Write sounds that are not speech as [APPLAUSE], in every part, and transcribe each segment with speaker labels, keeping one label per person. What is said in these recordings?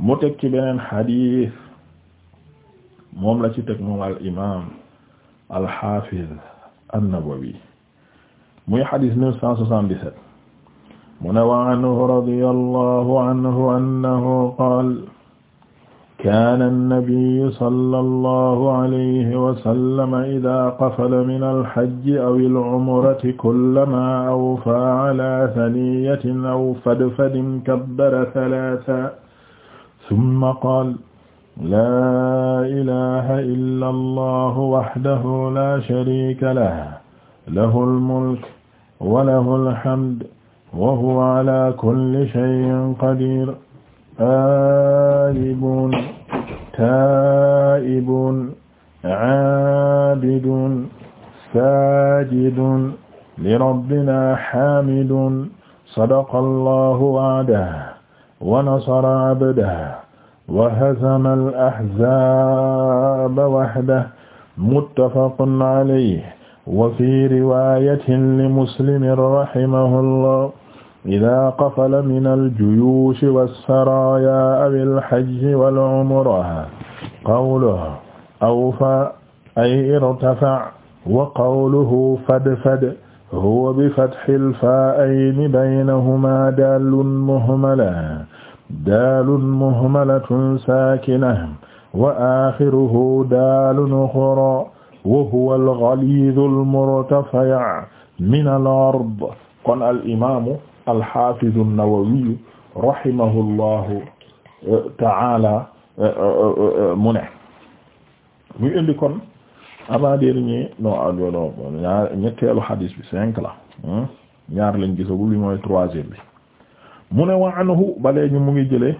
Speaker 1: mu teg ci beneen xadiis moom la ci teg moom al imaam al xaafiz an-Nawawi muy xadiis 977 mu ne wa anhu radiyallahu anhu annahu qaala kaana an-nabiyyu sallallahu alayhi wa sallam idaa qafala min al-hajji aw al-umrati kullamaa awfaa alaa saniyyatin aw fadfadin kabbara salaasan summa qaala laa ilaaha illa allahu wahdahu laa shariika lahu lahul mulku wa lahul hamdu wa huwa alaa kulli shay'in qadiir aayibuun taa'ibuun aabiduun saajiduun lirabbinaa haamiduun sadaqa allahu wa'dahu wa nasara abdah wa hazama al-ahzaaba wahdah muttafaqun alayhi wa fi riwaayatin li muslimin rahimahullah idaa qafala minal juyuushi was-saraayaa awil hajji wal umrati qawluhu awfaa ay irtafa' wa qawluhu fadfad huwa bi fathil faa'ayni baynahumaa daalun muhmala daalun muhmalatun saakina wa aaxiruhu daalun uxraa wa huwa al-ghaliizul murtafa'a minal ard kon al imaamu al-haafizu an-nawawi rahimahullahu ta'aala mu ne muy indi kon. avant dernier ah, non non ñetteelu hadis bi cinq la hmm? ñaar lañ gisagul li mooy troisième bi mu ne wa anhu balee ñu mu ngi jëlee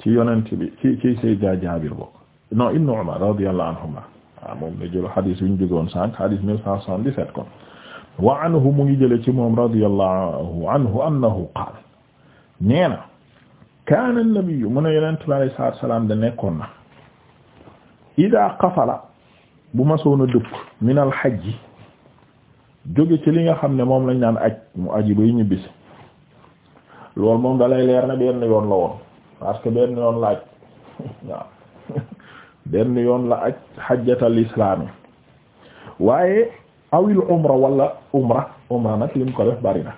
Speaker 1: ci yonent bi ci ci Seydina Jaabir bokk non ibnu Umar radiyallahu anhuma waaw ah, moom la jël hadis bi ñu wa anhu mu ngi jëlee ci moom radiyallahu anhu annahu qaala nee kaana an ne yonent idaa qafala bu masoon a dëpp minal xajji jóge ci li nga xam ne moom lañ naan aj mu aji bay ñibbisi loolu moom dalay leer na benn yoon la woon parce que benn yoon la aj [LAUGHS] waaw [LAUGHS] benn yoon la aj xajjatal islaami waaye awil umra wala umra umra nag lim ko def bari na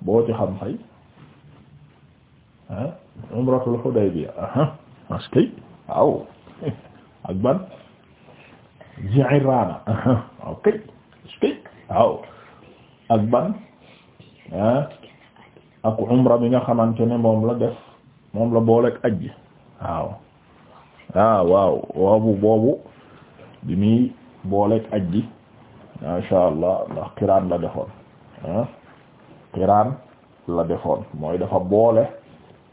Speaker 1: boo ci xam fay ah umratul Hudaybiya ah, ah parce que waaw [LAUGHS] ak ban Ji'irraana [LAUGHS] waaw këy këy waaw ak umra bi nga xamante ne moom la def moom la booleeg ajj waaw waaw ah, waaw boobu boobu bi muy booleeg ajj masha Allah ndax qiraan la defoon ah qiraan la defoon mooy dafa boole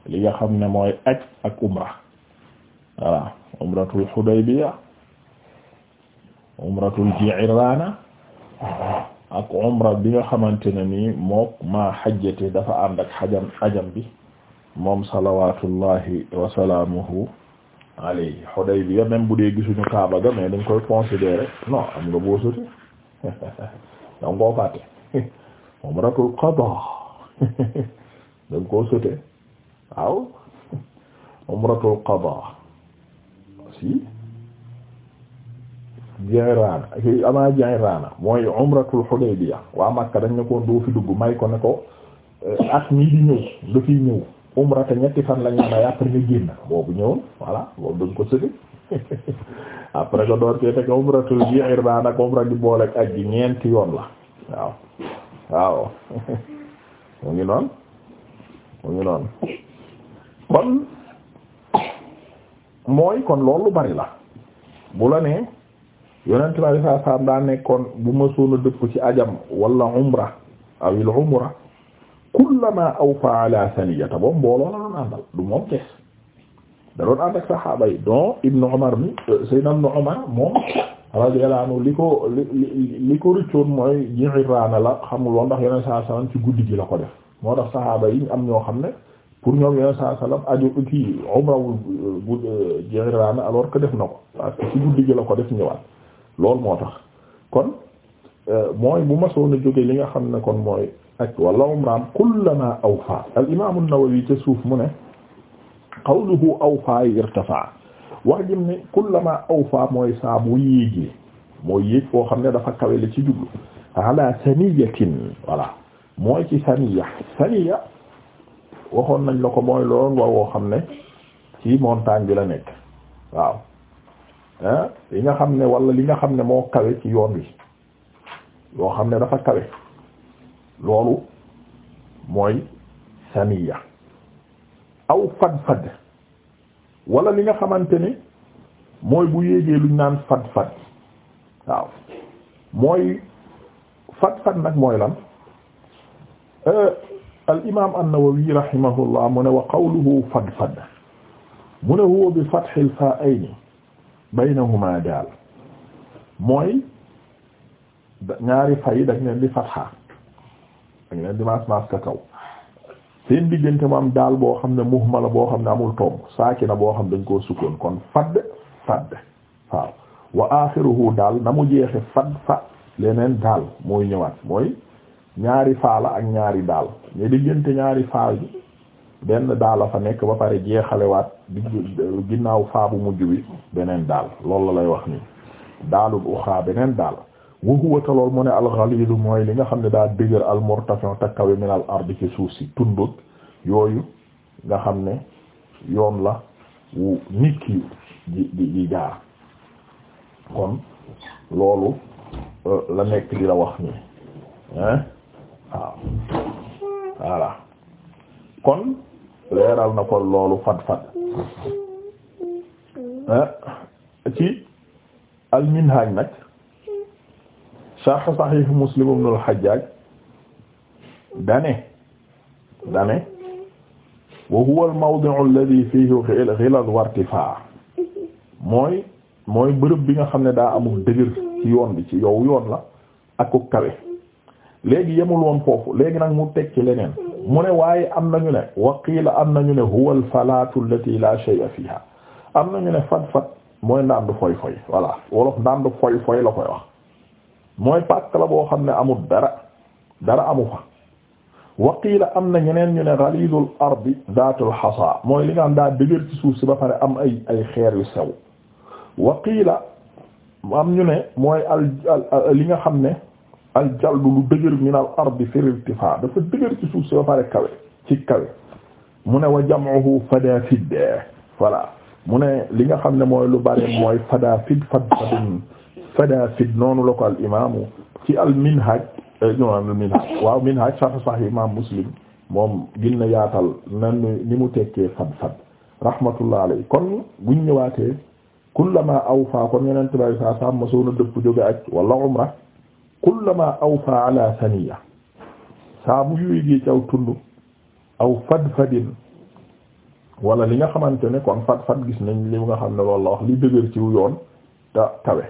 Speaker 1: li nga xam ne mooy aj ak umra voilà umratul Hudaybiya umratul Ji'rana ak umra bi nga xamante ne nii mook maa xajjate dafa ànd ak xajam bi moom salawatullahi wasalaamuhu alayhi Hudaybiya même bu dee gisuñu Kaaba ga mais dañ koy considérer non am nga boo soti [LAUGHS] danga koo fàtte [LAUGHS] umratul qada [LAUGHS] danga si Jirana avant Jirana mooy umratul Hudaybiya waa Makka dañ ne ko doo fi dugg may ko ne ko eh, at mii di ñëw dafiy ñëw umra te ñetti fan lañ may après nga génn boobu ñëwoon voilà boobu dañ ko sëddee [LAUGHS] après nga door cee teg umratul Jirana ak umra di boole ak aj gi ñeenti yoon la waaw waaw [LAUGHS] mu ngi noonu mu ngi noonu kon. mooy kon loolu lu bari la bu la nee yonent bi sallallahu daa nekkoon bu ma soona dëpp ci ajam wala umra awil umra kullama awfa ala saniyata boobu mbooloo la doon àndal du moom kees da doon ànd saxaaba yi donc Ibn Umar mi euh, Seydina Ibn Umar moom radiyallahu anhu li ko li li ko rëccoon mooy Ji'irraana la xamul woon ndax yonent sallallahu alayhi ci guddi gi la ko def moo tax saxaaba yi am ñoo xam ne pour ñoom yeneen saa salaam aju kii umra wu bu Jirana alors que def na ko ko def ñëwaat loolu moo tax kon euh, mooy bu ma soon a jógee li nga xam ne kon mooy ak walla umraam kullama awfa al imaam an-Nawawi ca suuf mu ne qawluhu awfa irtafa wax jëm ne kullama awfa mooy saa yéegee mooy yéeg foo xam ne dafa kawe la ci jublu ala saniyatin voilà mooy ci saniya saniya waxoon nañ la ko mooy loolu war woo xam ne ci montagne bi la nekk waaw ah li nga xam ne wala li nga xam ne moo kawe ci yoon wi loo xam ne dafa kawe loolu mooy saniya aw fad-fad wala li nga xamante ni mooy bu yéegee luñ naan fad-fad waaw mooy fad-fad nag mooy lan. Euh, al imaam an-Nawawi rahimahullah mu ne wa qawluhu fadfad mu ne huwa bi fathil faa'ayni baynahuma daal mooy ñaari fay dañ leen di fatha dañ leen di maas maas ka kaw seen diggante mu am daal boo xam ne muhmala boo xam ne amul tomb saakina boo xam dañ koo sukkoon kon fadd fadd waaw wa aaxiruhu daal na mu jeexe fadd fa leneen daal mooy ñëwaat mooy ñaari faala ak ñaari daal mais diggante ñaari faal bi benn daala fa nekk ba pare jeexalewaat ginnaaw faabu mujj bi beneen daal loolu la lay wax nii daalul uxaa beneen daal waxuwa te mu ne alxaliilu mooy li nga xam ne daal dëgër almurtafion te kawe min ard ci suuf si tundut yooyu nga xam ne yoon la wu nit ki di di di kon loolu euh, la nekk di la wax nii hein waaw voilà kon leeral na ko loolu fat-fat eh, ci al nag sharh Sahih Muslim ibn al-Hajjaj dane dane wa huwa al-mawdi'u alladhi fihi ghilaz wa irtifaa mooy mooy bërëb bi nga xam ne daa amul dëgër ci yoon bi ci yow yoon la ak ko kawe léegi yemul woon foofu léegi nag mu teg ci leneen mu ne waaye am nañu ne waqiila am nañu ne huwa al-falaatu allati la shay'a fiha am nañu ne fat fat mooy ndaandu foy foy voilà wolof ndaandu foy foy la ko wax mooy pàkk la boo xam ne amul dara dara amu fa waqiila am na ñeneen ñu ne ghaliidul ardi daatul xasaa mooy li nga xam daa dëgër ci suuf si ba pare am ay ay xeer yu sew waqiila am ñu ne mooy li nga xam ne al jalbu lu dëgër min al ardi fi dafa dëgër ci suuf si ba pare kawe ci kawe mu ne wa jam'uhu fadaafid voilà mu ne li nga xam ne mooy lu bare mooy fadaafid fadfadin noonu la ko al ci al minhaj euh, non al minhaj waaw minhaj sharh sahih imaam muslim moom gën yaatal nan ni mu tekkee fadfad rahmatullah alayhi kon buñ ñëwaatee kullama awfaa kon yeneen tubaab yi saa saa ma soog a dëpp jóge aj wala umra kullama aw ala saniya saa bu yuygi ci aw tund aw fadfadin wala li nga xamante ne kon fadfad gis nañ li nga xam ne loolu la wax li dëgër ci yoon te tawe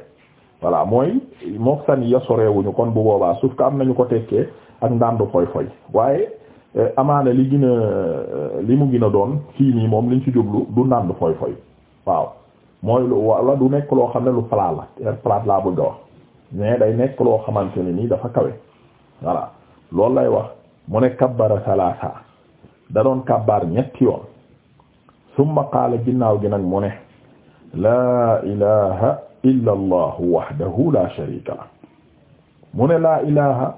Speaker 1: voilà mooy mook saniya sorewuñu kon bu boobaa suuf ka am nañu ko tekkee ak ndàndu foy foy waaye eh, amaana li gina eh, li mu gën a doon fii nii moom liñ ci jublu du ndàndu foy foy waaw mooy lu wala du nekk loo xam ne lu plat la air plat laa bëgg wax mais day nekk loo xamante ne nii dafa kawe voilà loolu lay wax mu ne kabbara salaasa da doon kabbaar ñetti yoon summa qaala ginnaaw gi nag mu ne laa ilaha illa allahu wahdahu la sharika la mu ne laa ilaha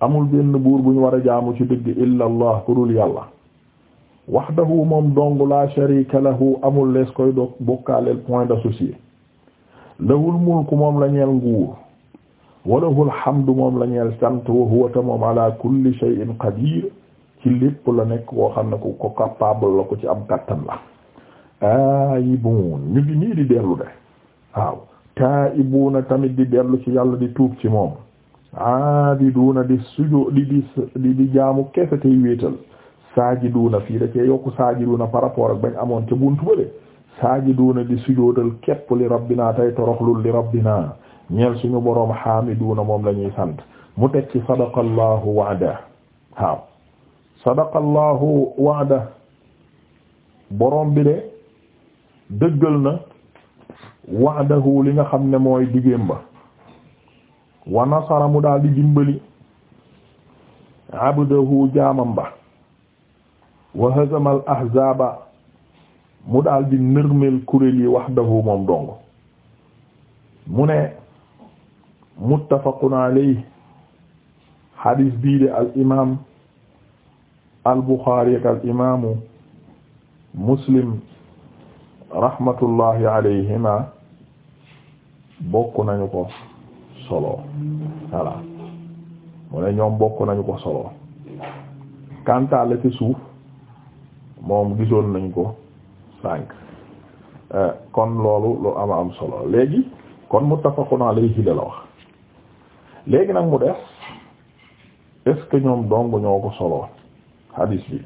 Speaker 1: amul benn buur buñ war a jaamu ci dëgg illa allah ku dul yàlla wahdahu moom dong la sharika lahu amul lees koy doog bokkaaleel de d'associé lahul mulku moom la ñeel nguur wa lahul hamdu moom la ñeel sant wa huwa ta moom ala kulli shay'in qadir ci lépp la nekk koo xam ne ku ko capable la ko ci am kattan la taayibun ñu ngi nii di dellu de waaw taayibuna tamit di dellu ci yàlla di tuub ci moom aabiduna di sujo di di di di jaamu kese tey wéetal saajiduna fii da cee yokku saajiduna par rapport ak bañ amoon ca buntu bële saajiduuna di sujjóotal képp li rabbinaa tey toroxlul li rabbinaa ñeel suñu boroom xaamiduuna moom la ñuy sant mu teg ci sadaqallahu wa'da waaw sadaqallahu wa'da boroom bi de dëggal na wa'dahu li nga xam ne mooy digéem ba wa nasara mu daal di dimbali abdahu jaamam ba wa hazamal ahzaaba mu daal di nërmeel kuréel yi wahdahu moom dong mu ne muttafaqun alayhi hadis bii de al imaam al buxaari ak al imaamu muslim rahmatullahi alayhima bokk nañu ko solo voilà mu ne ñoom bokk nañu ko solo kantaale ci suuf moom gisoon nañ ko sànq euh, kon loolu lu ama am solo léegi kon muttafaqun alayhi la wax léegi nag mu def est ñoom dong ñoo ko solo hadis bi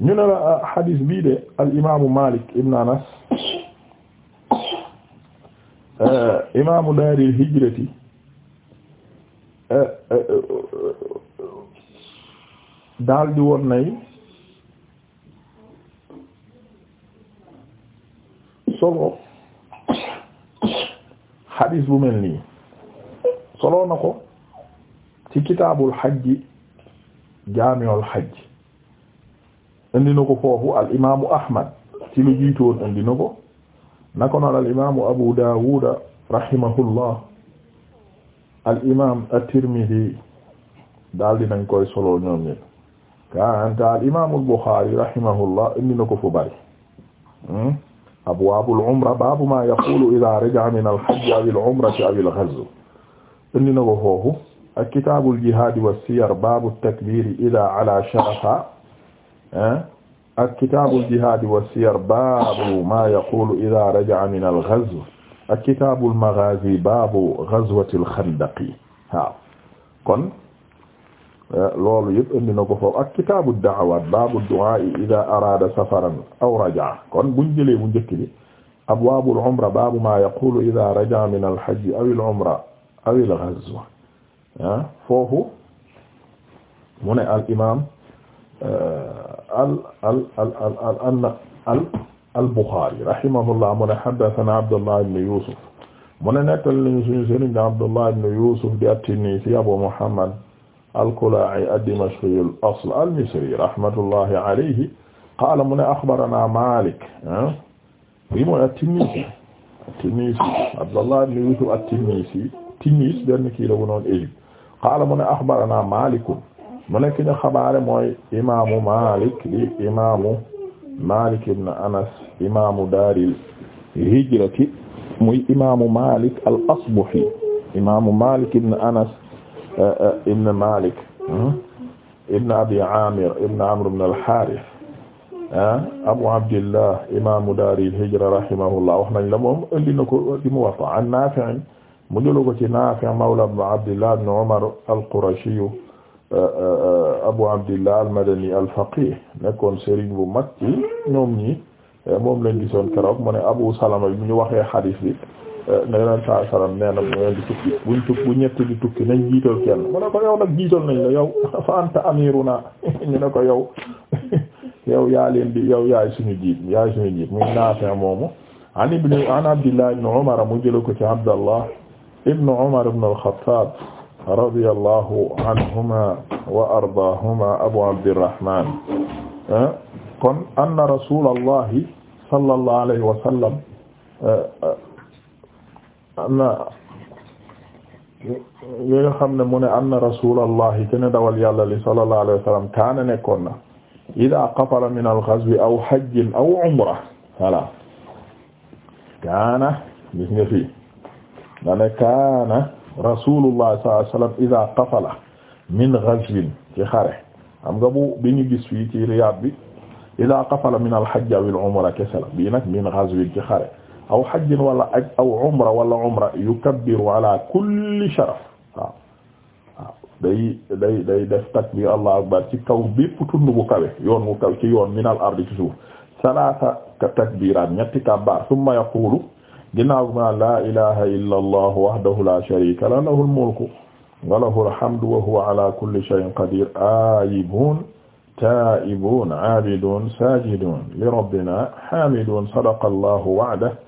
Speaker 1: ñu ne la euh, hadis bii de al imaamu Malik ibn Anas euh, imaamu daaril hijrati daal di woon nay. solo xadiis bu mel nii solo na ko ci kitaabul xajji jaamiul xajji indi na ko foofu al imaamu Ahmad ci lu jiitu woon indi na ko naka noonu al imaamu Abu Daawud rahimahullah al imaam at-Tirmidhi daal di nañ koy solo ñoom ñi kaanta al imaamul Buxaari rahimahullah indi na ko fu bari. Hmm? abwaabul umra baabu maa yaqulu idaa raja'a min al-hajji aw al-umrati aw al-ghazwi indi na ko foofu ak kitaabul jihaad wa siyar baabu takbiir idaa alaa sharafa eh? ak kitaabul jihaad wa siyar baabu maa yaqulu idaa raja'a min al-ghazwi ak kitaabul maghaazi baabu ghazwatil xandaqi waaw kon Eh, loolu yëpp indi na ko foofu ak kitaabu da'awaat baabu du'a idaa araada safaran aw rajaa kon buñ jëlee bu njëkk bi abwaabul umra baabu maa yaqulu idaa rajaa min al-hajj awil umra awil ghazwa ah eh, foofu mu ne al imaam eh, al al al al al al al Buxaari rahimahullah mu ne haddasanaa Abdullah ibn Yuusuf mu ne nettal nañu suñu sëriñ Abdullah ibn Yuusuf di at-Tinnisi Abu Muhammad al-Kalaa'i ad-Dimashqi al-asl al-Misri rahmatullahi alayhi qaala mu ne axbaranaa Maalik ah, bi mooy at-Tinnisi at-Tinnisi Abdallah ibn Yusuf at-Tinnisi Tinnis benn kii la woon Égypte qaala mu ne axbaranaa Maalik mu nekk ñu xabaare mooy imaamu Maalik di imaamu Maalik ibn Anas imaamu daaril hijrati muy imaamu Maalik al-Asbahi imaamu Maalik ibn Anas Eh, eh, ibn Malik hmm? ibn Abi Amir ibn Amr ibn al-Harith eh? Abu Abdillah imaamu daari al-hijra rahimahullah wax nañ la moom indi na ko ci Muwatta an Nafi' mu jëlu ko ci Nafi' mawla Abdillah ibn Umar al-Qurashi Abu Abdillah al-Madani al-faqih nekkoon sëriñ bu mag ci ñoom ñi moom lañ gisoon keroog mu ne Abu Salama bi ñu waxee hadith bi ne leen saa salaam nee na bu ngeen di tukki buñ tukki bu ñett di tukki nañ jiital kenn mu ne ko yow nag jiital nañ la yow [LAUGHS] fa anta amiruna [LAUGHS] ñu ne ko yow [LAUGHS] yow yaa leen di yow yaay suñu jiit yaay suñu jiit muy naafee moomu an ibn an abdillah ibn umar mu jëla ko ci abdallah ibn umar ibn al-khattab radiyallahu anhuma wa ardaahuma abu abdirrahman eh? kon anna rasulallahi sallallahu alayhi wa sallam eh, eh, na yi nga xam ne mu ne anna rasulallahi te ne dawal yàlla li sallallahu alayhi wa sallam kaana nekkoon na ida qafala min al-ghazwi aw hajjin aw umra voilà kaana gis nga fii da ne kaana rasulullah sallallahu alayhi wa sallam ida qafala min ghazwin ci xare xam nga bu bi ñu gis fii ci Riyad bi ida qafala min al-hajj aw al-umra kesela bii nag min ghazwin ci xare aw hajjin wala aj aw umra wala umra yukabbiru ala kulli sharaf waaw waaw day day day def takbir allahu akbar ci kaw bépp tund bu kawe yoon bu kaw ci yoon minal ardi ci suuf salaasa takbiiraan ñetti kabbaar summa yaqulu ginnaaw bi ma laa ilaha illa allah wahdahu la sharika lahu lahul mulku wa lahul hamdu wa huwa ala kulli shay'in qadir aayibun taa'ibun aabidun saajidun li rabbina haamidun sadaqa allahu wa'dahu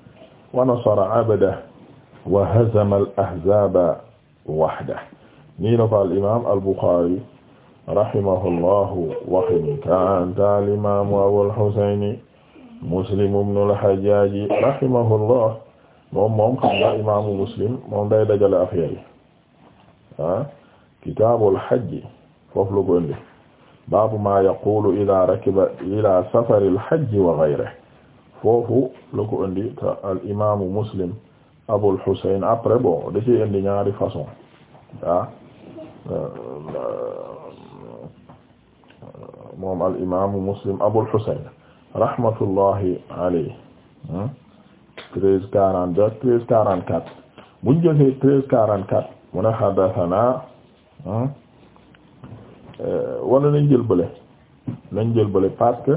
Speaker 1: wa nasara abda wa hazama al ahzaba wahda nii la ko al imaam al buxaari rahimahullahu waxin kaanta al imaamu abul xusayni muslim ibnu al hajjaaji rahimahullah moom moom xam nga imaamu muslim moom day dajale affaire yi ah kitaabul hajji foofu la ko indi baabu maa yaqulu idaa rakiba ilaa safaril hajji wa ghayrihi foofu la ko indi te al imaamu muslim abul husayn après bon da ci indi ñaari façon ah euh, euh, moom al imaamu muslim abul husayn rahmatullahi alayhi hmm, treize quarante quarante quatre buñ jëlee treize quarante quatre mu ne haddathana hmm, euh, wala nañ jël bële nañ jël bële parce que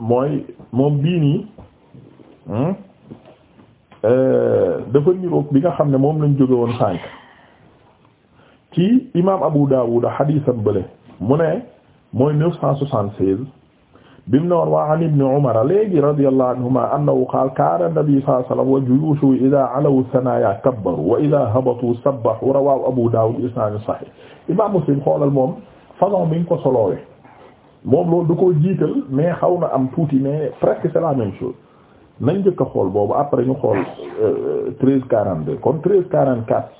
Speaker 1: mooy moom bii nii hmm, euh, dafa bi nga xam ne moom lañ jóge woon sànk ci imaam Abu Dawud xadiisam bële mu ne mooy neuf cent soixante-seize bi mu ne woon waa an ibni umara léegi radiyallahu anhuma annahu qaal kaana nabi sallallahu alayhi wa sallam wa juyuushu idaa alaw sanaya kabbaru wa idaa habatu sabbahu rawaahu Abu Dawud isnaad sahih imaam Muslim xoolal moom façon bi nga ko moom loolu du ko jiital mais xaw na am tuuti mais presque c'est la même xool boobu après ñu xool euh, treize quarante deux kon treize quarante quatre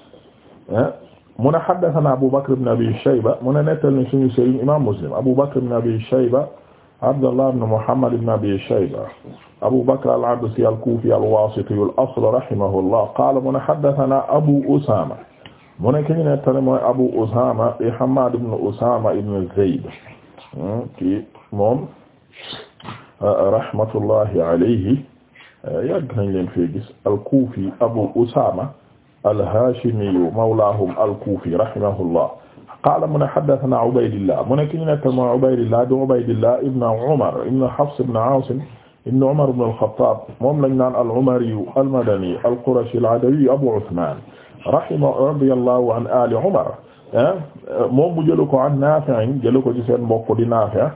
Speaker 1: mu ne haddathana Abu Bakr ibn Abi Shayba mu ne nettal ni suñu sëriñ imam Muslim Abu Bakr ibn Abi Shayba Abdullah Abu Bakr al-Absi al-Kufi al-Wasiti al-asl rahimahullah qala mu ne haddathana Abu Usama mu ne ki ñu nettali mooy Abu Usama Hammad ibn Usama ibn Zayd kii moom ah, rahmatullahi alayhi ah, yàgg nañ leen fee gis al-Kufi Abu Usama al-Hashimi mawlahum al-Kufi rahimahullah qaala mu ne haddathana Ubaydillah mu ne ki ñu nekk mooy Ubaydillah di Ubaydillah ibn Umar ibn Hafs ibn Asim ibn Umar ibn al-Khattab moom lañ naan al-Umari al-Madani al-Qurashi al-Adawi Abu Uthman rahima radiyallahu an ali Umar moom mu jëlu ko an Naafi' jëlu ko ci seen mbokk di Naafi'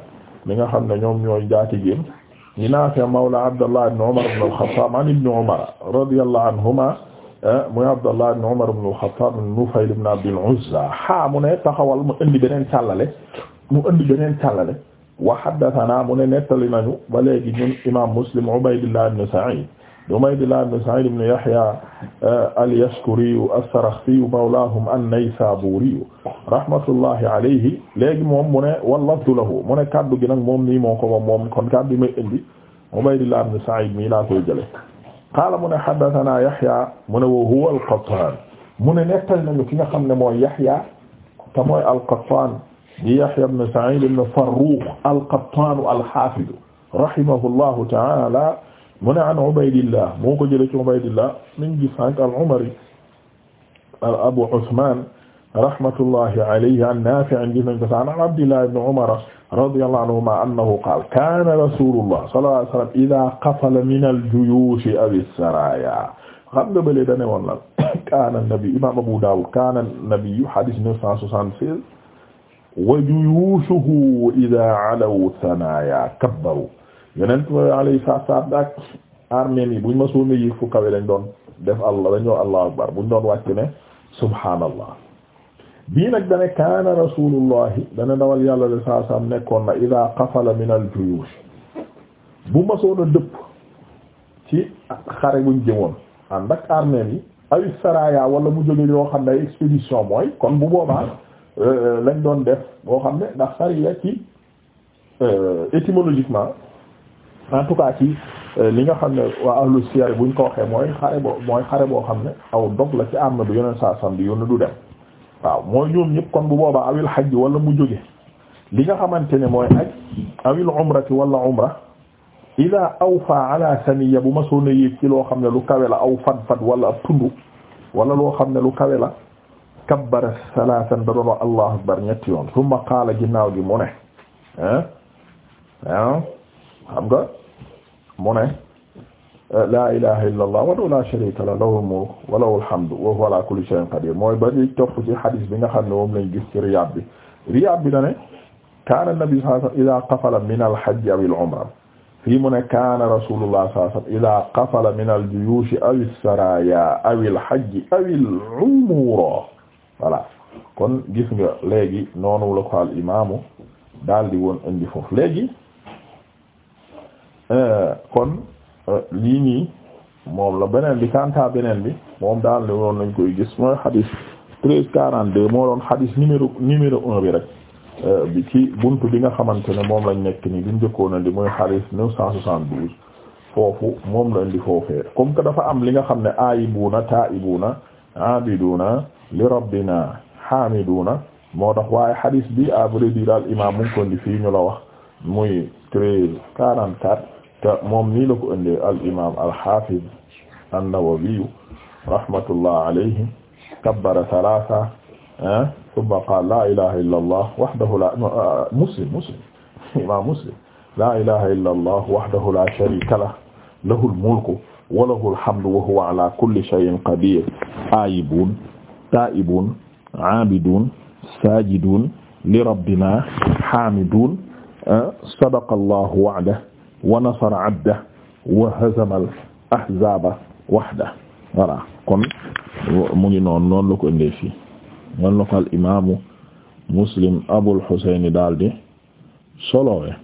Speaker 1: mi nga xam ne ñoom ñooy jaatigéem di Naafi' mawla Abdallah ibn Umar ibn al-Khattab an ibn Umar radiyallahu anhuma muy Abdallah ibn Umar ibn al Nufayl ibn Abd al-Uzza mu ne taxawal mu indi beneen càllale mu indi beneen càllale wa haddathana mu ne nettali nañu ba léegi ñun imam Muslim Ubaydillah ibn Sa'id Ubaydillah ibn Sa'id ibn Yahya uh, al-Yashkuri as-Sarakhsi mawlahum an-Naysaburi rahmatullahi alayhi léegi moom mu ne wallafdu lahu mu ne kaddu gi nag moom nii moo ko moom moom kon kaddu may indi Ubaydillah ibn Sa'id mii laa koy jële qaala mu ne haddathana Yahya mu ne wa huwa al-Qattan mu ne nettali nañu ki nga xam ne mooy Yahya te mooy al-Qattan di Yahya ibn Sa'id ibn Farrukh al-Qattan al-Hafiz rahimahullahu ta'ala mu ne an Ubaydillah moo ko jëlee ci Ubaydillah min gi sànq al-Umari Abu Usman rahmatullahi alayhi an Nafi' gis nañ ko saan an Abdillah ibn Umar radiyallahu anhuma annahu qaala kaana rasulullah sallallahu alayhi wa sallam idha qafala min al-juyush aw as-saraya xam nga bële da ne woon lan [COUGHS] kaana nabi imam Abu Dawud kaana nabi hadith 976 wa juyushuhu idha alaw thanaya kabbaru yeneen alayhi salaam ak armée yi buñ ma soona yéeg fu kawe dañ doon def allah dañ doon akbar buñ doon wàcc ne subhaanallah bii nag dane kaana rasulullahi dana dawal yàlla de saa saam nekkoon na ida qafala min al juyush bu ma soona dëpp ci xare buñ jëmoon ànd ak armée yi aw saraya wala mu jóge yoo xam ne ay expédition mooy kon bu boobaa euh, lañ doon def boo xam ne ndax sariya ci euh, étymologiquement en tout euh, li nga xam ne waa ahlu siyar buñ ko waxee mooy xare boo xam ne aw dog la ci arme bi yoneen saa sam bi yónn du dem waaw mooy ñoom ñëpp kon bu boobaa awil xaj wala mu jóge li nga xamante ne mooy aj awil umrati wala umra ida awfa ala saniya bu ma soona yéeg ci loo xam ne lu kawe la aw fad-fad wala ab tund wala loo xam ne lu kawe la kabbara salatan da doon allahu akbar ñetti yoon summa qaala ginnaaw gi mu ne ah ah xam nga mu ne la ilaha illa allah wahdahu la sharika lahu lahul mulku wa lahul hamdu wa huwa ala kulli shay'in qadir mooy ba di topp ci hadis bi nga xam ne moom lañ gis ci riyaad bi riyaad bi da ne kaana nabi sallallahu alayhi wa sallam idaa qafala min al-hajj aw al-umra fii mu ne kaana rasulullah sallallahu alayhi wa sallam idaa qafala min al-juyuush aw as-saraaya aw al-hajj aw al-umra voilà kon gis nga léegi noonu la ko al imaamu daal di woon indi foofu léegi Eh, kon eh, lii nii moom la beneen bi kanta beneen bi moom daal li woon nañ koy gis mooy xadis treize quarante deux moo doon xadis numéro numéro un bi rek eh, bi ci buntu bi nga xamante ne moom lañ nekk nii bi njëkkoon a di mooy xadis neuf foofu moom la indi foofee comme que dafa am li nga xam ne ayibuuna taaibuuna abiduuna li rabbina xaamiduuna moo tax waaye xadis bi à vrai dire al imam mu ngi ko indi fii ñu la wax muy treize quarante quatre te moom nii la ko ëndee al imaam al hafiz an-Nawawi rahmatullah alayhi kabbara salaasa ah, thumma qaala laa ilaha illa allah wahdahu la ah, muslim muslim [LAUGHS] imaam muslim laa ilaha illa allah wahdahu la sharika lah lahu al-mulku wa lahu al-hamdu wa huwa ala kulli shay'in qadir aayibun taa'ibun aabidun saajidun li rabbina haamidun ah, sadaqa allahu wa'dahu wa nasara abda wa hazamal ahzaba wahda voilà kon mu ngi noonu noonu la ko indee fii noonu la ko al imaamu muslim abul husayn daal di solowee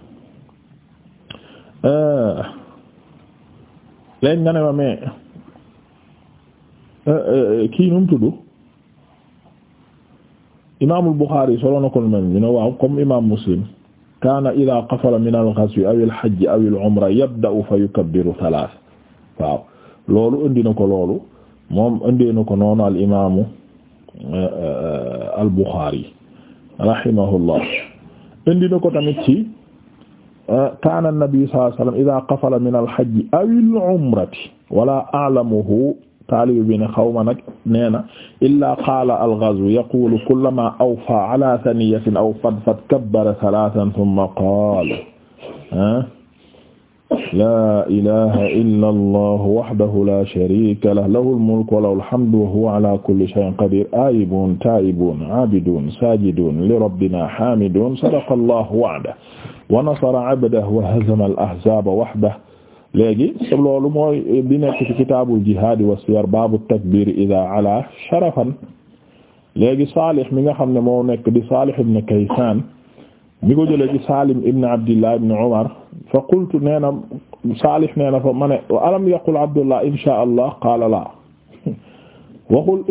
Speaker 1: eh, léegi nga ne ma mais eh, eh, kii nu mu tudd imaamul buxaari solo na ko mel ñu ne waaw comme imaam muslim kaana ida qafala min al-ghazwi aw al-hajj aw al-umra yabda'u fa yukabbiru thalath waaw loolu indi na ko loolu moom indi na ko noonu al imaamu eh, eh, al Bukhari rahimahullah indi na ko tamit ci eh, kaana an-nabi sallallahu alayhi wa sallam ida qafala min al-hajj aw al-umrati wala a'lamuhu taalibe bi ne xaw ma nag nee na illaa qaala al-ghazw yaqulu kullama awfa ala saniyatin aw fadfad kabbara thalathan thumma qaala ah, laa ilaha illa allah wahdahu la sharika lah lahu al-mulku wa lahu al-hamdu wa huwa ala kulli shay'in qadir aayibun taa'ibun aabidun saajidun li rabbina haamidun sadaqa allahu wa'dahu wa nasara abdahu wa hazama al-ahzaaba wahdahu léegi loolu mooy eh, bi nekk ci kitaabul jihaad wa siyar baabu takbiir idaa ala sharafan léegi Saalih mi nga xam ne moo nekk di Saalih ibn Kaysaan mi ko jëlee ci Saalim ibn Abdillah nee na Saalih ma ne wa alam yaqul Abdullah inshaa Allah qaala laa [LAUGHS] waxul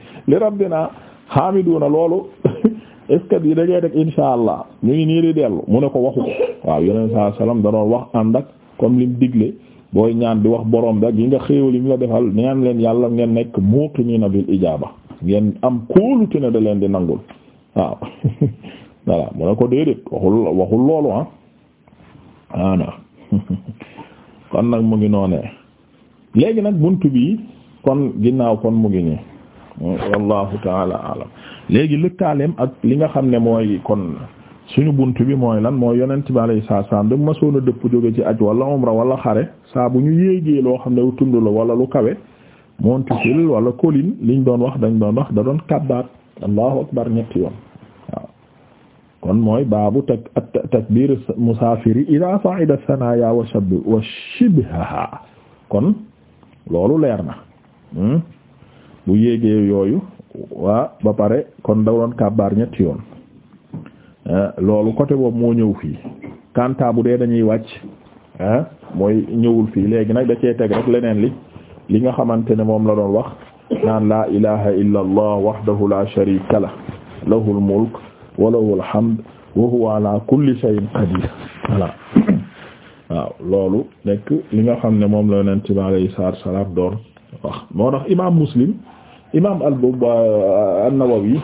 Speaker 1: [LAUGHS] li rabbina haamiduna loolu [LAUGHS] est yi que bii da ngay def insha allah ñu ngi nii di dellu mu ne ko waxu ko waaw yeneen saa salaam da doon wax ànd ak comme lim digle booy ñaan di wax boroom da gi nga xéewal yi mu la defal ñaan leen yàlla ngeen nekk muqiniina bil ijaaba ngeen am kóolute ne da leen di nangul waaw [LAUGHS] voilà mu ne ko déedéet waxul waxul loolu ah [LAUGHS] kon nag mu ngi noonee léegi nag bunt bi kon ginnaaw kon mu ngi nii wallahu taala alam léegi lëkkaaleem ak li nga xam ne mooy kon suñu bunt bi mooy lan mooy yonent bi alayhi salaam da masoon a dëpp jóge ci aj wala umra wala xare saa bu ñu yéegee loo xam ne lu tund la wala lu kawe monticule wala kolin liñ doon wax dañ doon wax da doon kàbbaat allahu akbar ñetti yoon waaw kon mooy baabu tak takbir musaafiri ila sa'ida sanaya wa shab wa shibhaha kon loolu leer na hmm? bu yéegee yooyu waa ba pare kon da doon kàbbaar ñetti yoon eh, loolu côté boobu moo ñëw fii kanta bu dee dañuy wàcc eh, mooy ñëwul fii léegi nag da cee teg rek leneen li li nga xamante ne moom la doon wax naan la ilaha illa allah wahdahu la sharika lah lahul mulk wa lahul hamd wa huwa ala kulli shay'in qadir voilà [COUGHS] waaw loolu nekk li nga xam ne moom la yonent bi alayhi salaatu salaam doon wax moo tax imaam muslim imaam euh, an-Nawawi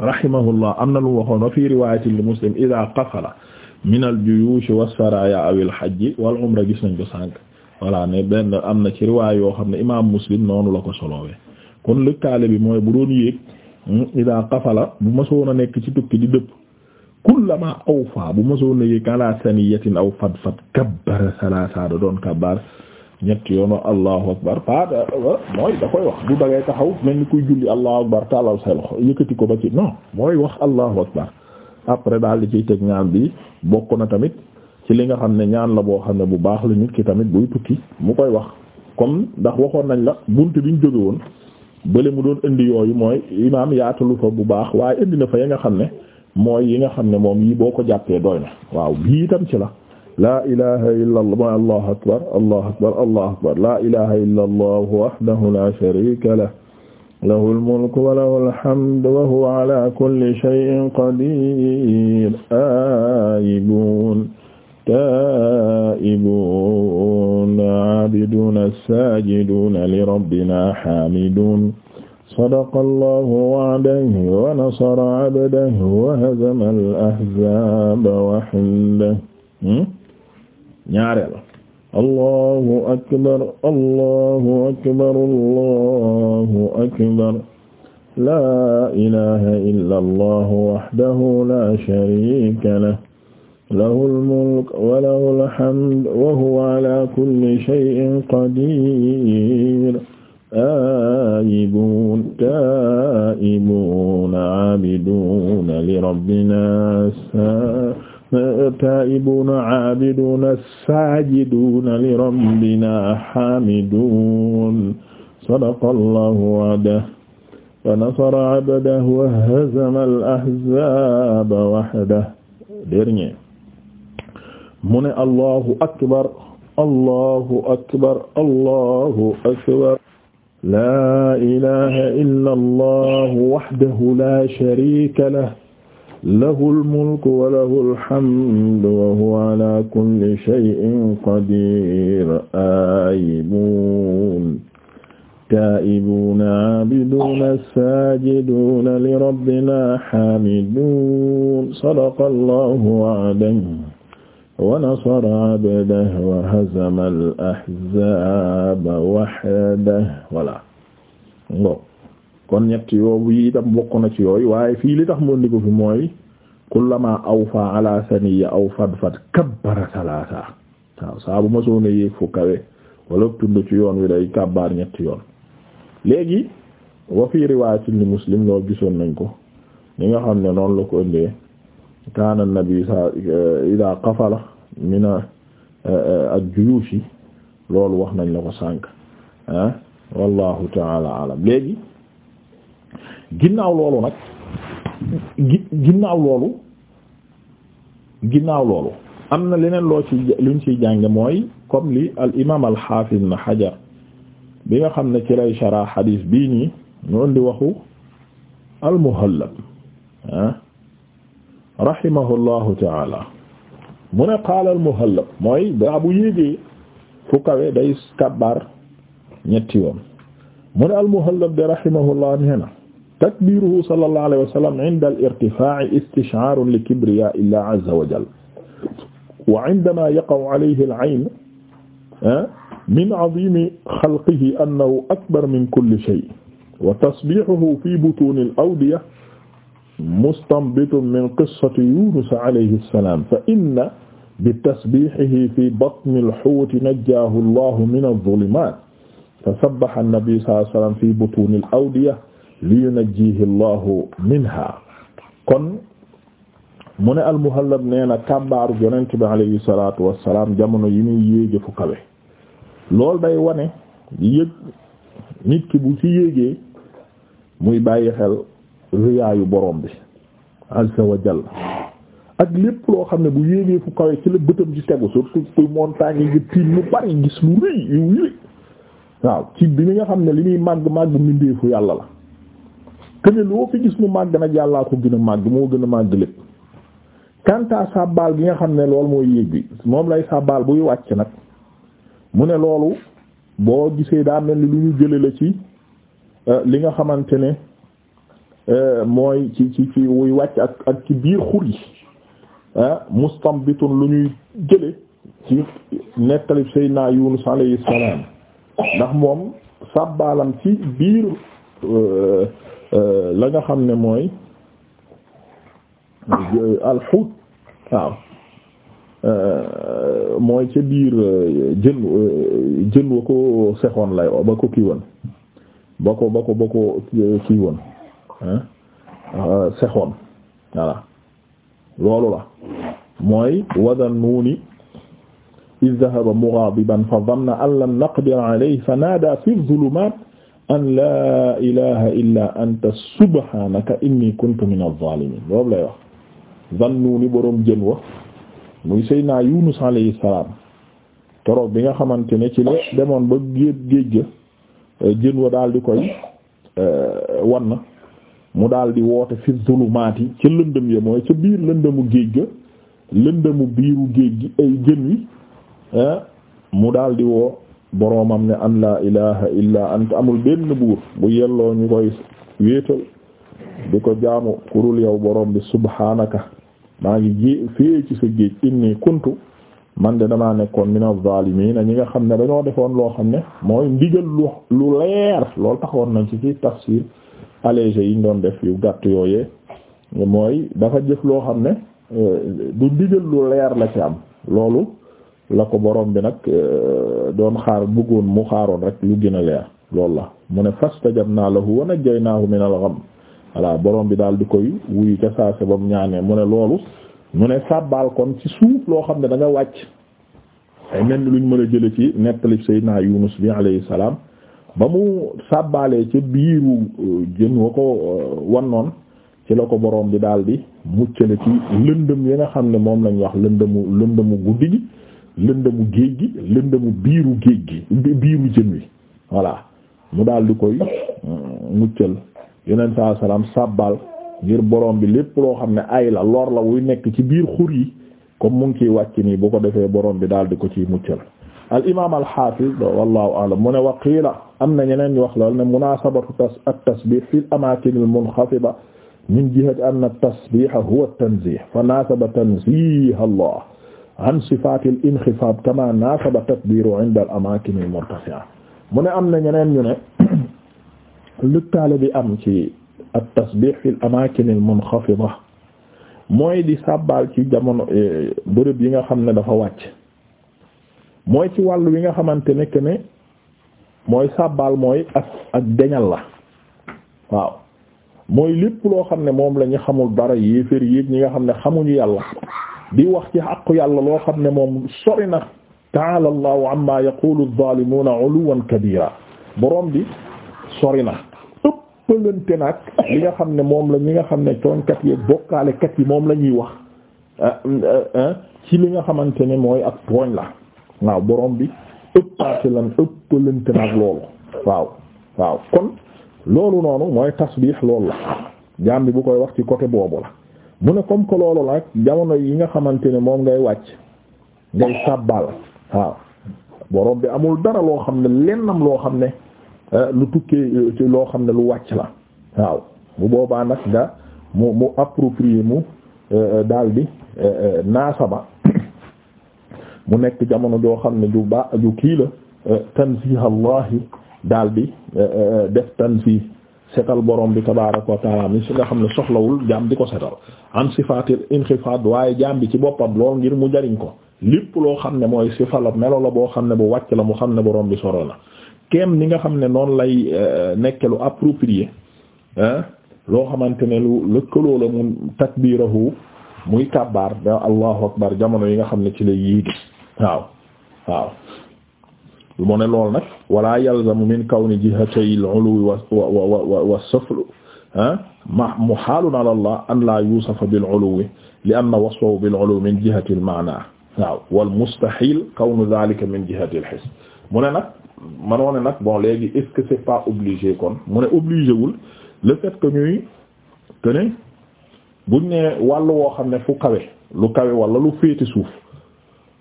Speaker 1: rahimahullah am na lu waxoon wa fi riwaayatin li Muslim idaa qasala min al-juyuush was-saraaya aw al-hajj wal-umra gis nañ ko sànq voilà ne benn am na ci riwaay yoo xam ne imaam Muslim noonu la ko solowee kon lëkkaale bi mooy bu doon yéeg hmm, idaa qasala bu mësoon a nekk ci tukki di dëpp kullamaa awfaa bu mësoon a yéeg alaa saniyatin aw fadfad kabbara salaasa da doon kabbar ñetti yoon wax allahu akbar pa mooy da koy wax du dangay taxaw mel ni kuy julli allahu akbar tàllal sa loxo yëkkati ko ba ci non mooy wax allahu akbar après daal di ciy teg ñaan bi bokk na tamit ci li nga xam ne ñaan la boo xam ne bu baax la nit ki tamit buy tukki mu koy wax comme ndax waxoon nañ la bunt biñ jóge woon bële mu doon indi yooyu mooy imaam yaatalu ko bu baax waaye indi na fa ya nga xam ne mooy yi nga xam ne moom yi boo ko jàppee doy na waaw bii ci la laa ilaha illa allah mooy allahu akbar allahu akbar allahu akbar laa ilaha illa allah wahdahu la sharika lah lahu almulku wa lahu alhamdu wa huwa ala kulli shay'in qadir aibun taibun abidun sajidun lirabbina hamidun sadaqa allahu wa'dahu wa nasara abdahu wa hazama al ahzaba wahdahu hmm? ñaareel allahu akbar allahu akbar allahu akbar laa ilaha illa allah wahdahu la sharika lah lahul mulk wa lahul hamd wa huwa ala kulli shay'in qadir ayibuun taibuun abiduun li rabbina taa'ibuuna aabiduuna saajiduuna li rabbina haamiduun sadaqa allahu wa'dahu wa nasara abdahu wa hazama al-ahzaaba wahdahu dernier mu ne allahu akbar allahu akbar allahu akbar laa ilaaha illa allahu wahdahu laa shariika lahu lahul mulku wa lahul hamdu wa huwa ala kulli shay'in qadir ayibuun taa'ibuuna aabiduuna saajiduuna lirabbina haamiduun sadaqa allahu wa'dahu wa nasara abdahu wa hazama al ahzaaba wahdahu voilà kon ñett yoobu yi itam bokk na ci yooyu waaye fii li tax mu indi ko fi mooy kullama awfa ala saniya aw fadfad kabbara salaasa waaw saa ma soona yéeg fu kawe wala tund ci yoon wi day kabbaar ñetti yoon léegi wa fi riwaayatin li muslim loolu gisoon nañ ko ñi nga xam ne noonu la ko indee kaana nabi sa ida qafala mina eh, ak loolu wax nañ la ko sànk ah wallahu taala alam ginnaaw loolu nag gi ginnaaw loolu ginnaaw loolu am na leneen loo ci luñ ciy jànge mooy comme li al imaam al xaafis xajar bi nga xam ne ci lay shara xadiis bii nii ñu indi waxu al muhallab ah rahimahu llahu taala mu ne qaala al muhallab mooy daa bu yéegee fu kawe day kabbar ñetti yoon mu ne al muhallab de rahimahullah nee na takbiruhu sallallahu alayhi wa sallam inda al-irtifaa'i istish'aarun li kibriyaa'i llaahi azza wa jalla wa indamaa yaqa'u alayhi al-'ayn min 'aziimi xalqihi annahu akbar min kulli shay' wa tasbiihuhu fii butuuni al-awdiya mustanbitun min qissati Yuunus alayhi salaam fa inna bitasbiihihi fii batni al-huuti najjaahu llaahu mina az-zulumaat fa sabbaha an-nabiyyu sallallahu alayhi wa sallam fii butuuni al-awdiya li yunajjihi Allahu minha kon mu ne al-Muhallab nee na kàbbaaru yonent bi alayhi salaatu wassalaam jamono yi muy yéege fu kawe loolu day wane yëg nit ki bu ci yéegee muy bàyyi xel riyaayu borom bi azza wa jalla ak lépp loo xam ne bu yéegee fu kawe ci la bëtam ci tegu surtout pour montagne yi tiim mu bari gis lu rëy yu wii waaw ci bi nga xam ne li muy màgg màgg mbindeefu yàlla la ne loo fi gis mu màgg nag yàllaa ko gën màgg moo gën a màgg lépp kanta sàbbaal gi nga xam ne loolu mooy yéeg bi moom lay sàbbaal buy wàcc nag mu ne loolu boo gisee daa mel ni lu ñu jële la ci euh, li nga xamante ne euh, mooy ci ci ci wuy wàcc ak ak ci biir xur yi ah, mustambitun lu ñuy jële ci nettalib Seydina Yunus alayhi salaam ndax moom sàbbaalam ci biir euh, Euh, la nga xam ne mooy euh, alxut waaw euh, mooy ca biir jën jën wa ko sexoon lay ba ko kii woon ba ko ba ko ba ko kii woon sexoon voilà loolu la mooy wadan nuuni iz dhahaba mughadiban fa dhanna an lan naqdira alayhi fa naada fi dhulumaat an laa ilaha illa anta subhanaka inni kuntu min az-zalimin boobu lay wax zannu ni boroom jën wax muy Seydina Yunus alayhi salaam keroog bi nga xamante ne ci la demoon ba géej géej ga euh, jën wa daal di koy euh, wan mu daal di woote fi zulumaati ca lëndëm ya mooy ca biir lëndëmu géej ga lëndëmu biiru géej gi ay jën wi mu daal di woo boroomam ne an laa ilaha illa ant amul benn buur bu yelloo ñu koy wéetal di ko jaamu kurul yow boroom bi subhanaka maa ngi ji fee ci sa géej inni kuntu man de damaa nekkoon mina zaalimiin ñi nga xam ne dañoo defoon loo xam ne mooy ndigal lu lu leer loolu taxoon nañ ci ci tafsir allégé yiñ ñu doon def yu gàtt yooyee mooy dafa jëf loo xam ne euh, du ndigal lu leer la ci am loolu la ko borom bi nag euh, doon xaar bëggoon mu xaaroon rek lu gën a leer loolu la mu ne naa la fastajabna lahu wa najjaynaahu min al-gham voilà boroom bi daal di koy wuyu ca saa si ba ñaanee mu ne loolu mu ne sàbbaal kon ci suuf loo xam ne danga wàcc ay mel ni luñ mën a jële ci nettali Seydina Yunus bi alayhi salaam ba mu sàbbaalee ca biiru euh, jën wa ko euh, wannoon ci la ko borom bi daal di muccale ci lëndëm yi nga xam ne moom lañu wax lëndëmu lëndëmu guddi gi lëndëmu géej gi lëndëmu biiru géej gi biiru jën wi voilà mu daal di koy mm, muccal yeneen saa ngir borom bi lépp loo xam ne ayla la lor la wuy nekk ci biir xur yi comme mu ngi wàcc nii bu ko defee boroom bi daal di ko ciy muccal al imaam al xaafiz wallahu alam mu ne waqiila am na ñeneen ñu wax lool ne munaasabatu tas at tasbih fi amaakin al munxafida min jihati anna tasbiha huwa tanzih fa naasaba tanzih allah an sifatil inxifaab kama nasaba tatbiru inda al amakin al murtafi'a mu ne am na ñeneen ñu ne lëkkaale bi am ci at tasbih fil amakin al munxafida mooy di sàbbaal ci jamono eh, bërëb yi nga xam ne dafa wàcc mooy ci wàll wi nga xamante ne que ne mooy sàbbaal mooy ak ak deñal la waaw mooy lépp loo xam ne moom la ñu xamul dara yéefér yéeg ñi nga xam ne xamuñu yàlla di wax ci xaqu yàlla loo xam ne moom sori na taala allahu amma yaqulu adh-dhalimuna 'uluwan kabira borom bi sori na ëppalante nag li nga xam ne moom la ñi nga xam ne tooñkat yi bokkaalekat yi moom la ñuy wax ah, ah, ah, ci li nga xamante ne mooy ak tooñ la waaw borom bi ëppaate lan ëppalante nag loolu waaw waaw kon loolu noonu mooy tasbiix loolu la jaam bi bu koy wax ci côté boobu la mu ne comme que loolu la jamono yi nga xamante ne moom ngay wàcc ngay sàbbal waaw borom bi amul dara loo xam ne lennam loo xam ne euh, lu tukkee euh, loo xam ne lu wàcc la waaw bu boobaa nag nga mu mu approprier mu euh, daldi naasaba [COUGHS] mu nekk jamono joo xam ne ju ba ju kii la tanzih allahi daldi def tanzih setal borom bi tabaaraka wa taala mi si nga xam ne soxlawul jaam di ko setal an sifatil inxifaad waaye jaam bi ci boppam lool ngir mu jariñ ko lépp loo xam ne mooy sifa la melo la boo xam ne bu wàcc la mu xam ne borom bi soro la kem ni nga xam ne noonu lay euh, nekk lu approprié loo xamante ne lu lëkkaloo la mu takbirahu muy kàbbaar da allahu akbar jamono yi nga xam ne ci lay yéegi waaw waaw mu ne lool nag walaa yalzamu min kawni jihatayil uluwi wa wa wa wa suflu ah ma muhaalun ala allah an la yusafa bil uluwi li anna wasfahu bil uluwi min jihati al maana waaw wal mustahil kawnu dhalika min jihati al his mu ne nag manoo ne nag bon léegi est-ce que c'est pas obligé kon mu ne obligé wul le fait que ñuy que ne wàll woo xam ne fu kawe lu kawe wala lu féete suuf